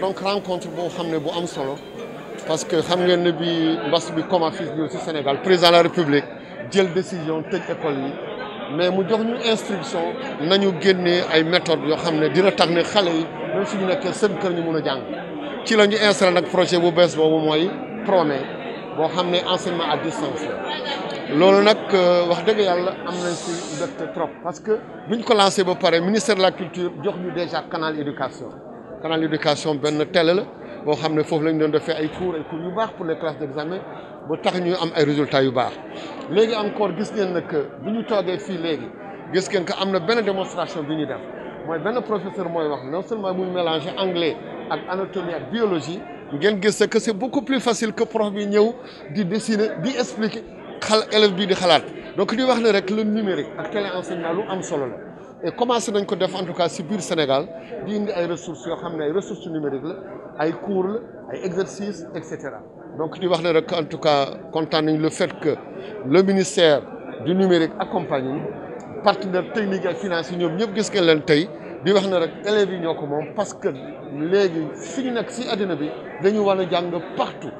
donc rencontre boo xam parce que je ne bi bi Sénégal président de la République jël décision école mais mu jox ñu instruction nañu génné ay méthodes même suñu nous kër a projet bu Promé enseignement à distance lolu nak euh, wax trop parce que nous ko lancé ba ministère de la culture jox ñu déjà canal éducation Canal d'éducation ben tel la bo xamné ne lañ doon defee ay cours ay cours yu bax pour les classes d'examen ba tax ñu am ay résultats yu bax légui encore gis ngeen nak que toggé fi légui fii léegi gis ngeen que am na démonstration bi def moy ben professeur moy wax non seulement muy mélanger anglais ak anatomie ak biologie ngeen gis que c'est beaucoup plus facile que prof bi ñëw di dessiner di expliquer xal élève bi di xalaat donc ñu wax ne rek le numérique ak enseignement lu am solo la et commencé nañ ko def en tout cas ci biir Sénégal di indi ay ressources yoo xam ressources numériques la ay cours la ay exercices et cetera donc di wax ne rek en tout cas kontaan nañ le fait que le ministère du numérique accompagne ñu partenaires techniques et financiers ñoom ñëpp gis ngeen leen tey di wax ne rek élèves yi ñoo parce que léegi fi ñu nekk si àddina bi dañu war a jàng partout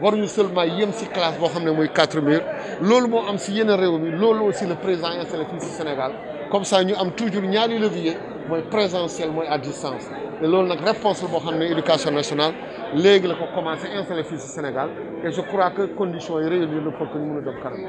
waruñu seulement yem si classe boo xam ne quatre murs loolu moo am si yenn réew mi loolu aussi le président installé fii Sénégal. comme ça ñu am toujours ñaari levier mooy présentiel mooy à distance te loolu nag réponse la boo xam ne éducation nationale léegi la ko commencé installé fii Sénégal et je crois que condition yi réunir na pour que ñu mën a dem kanam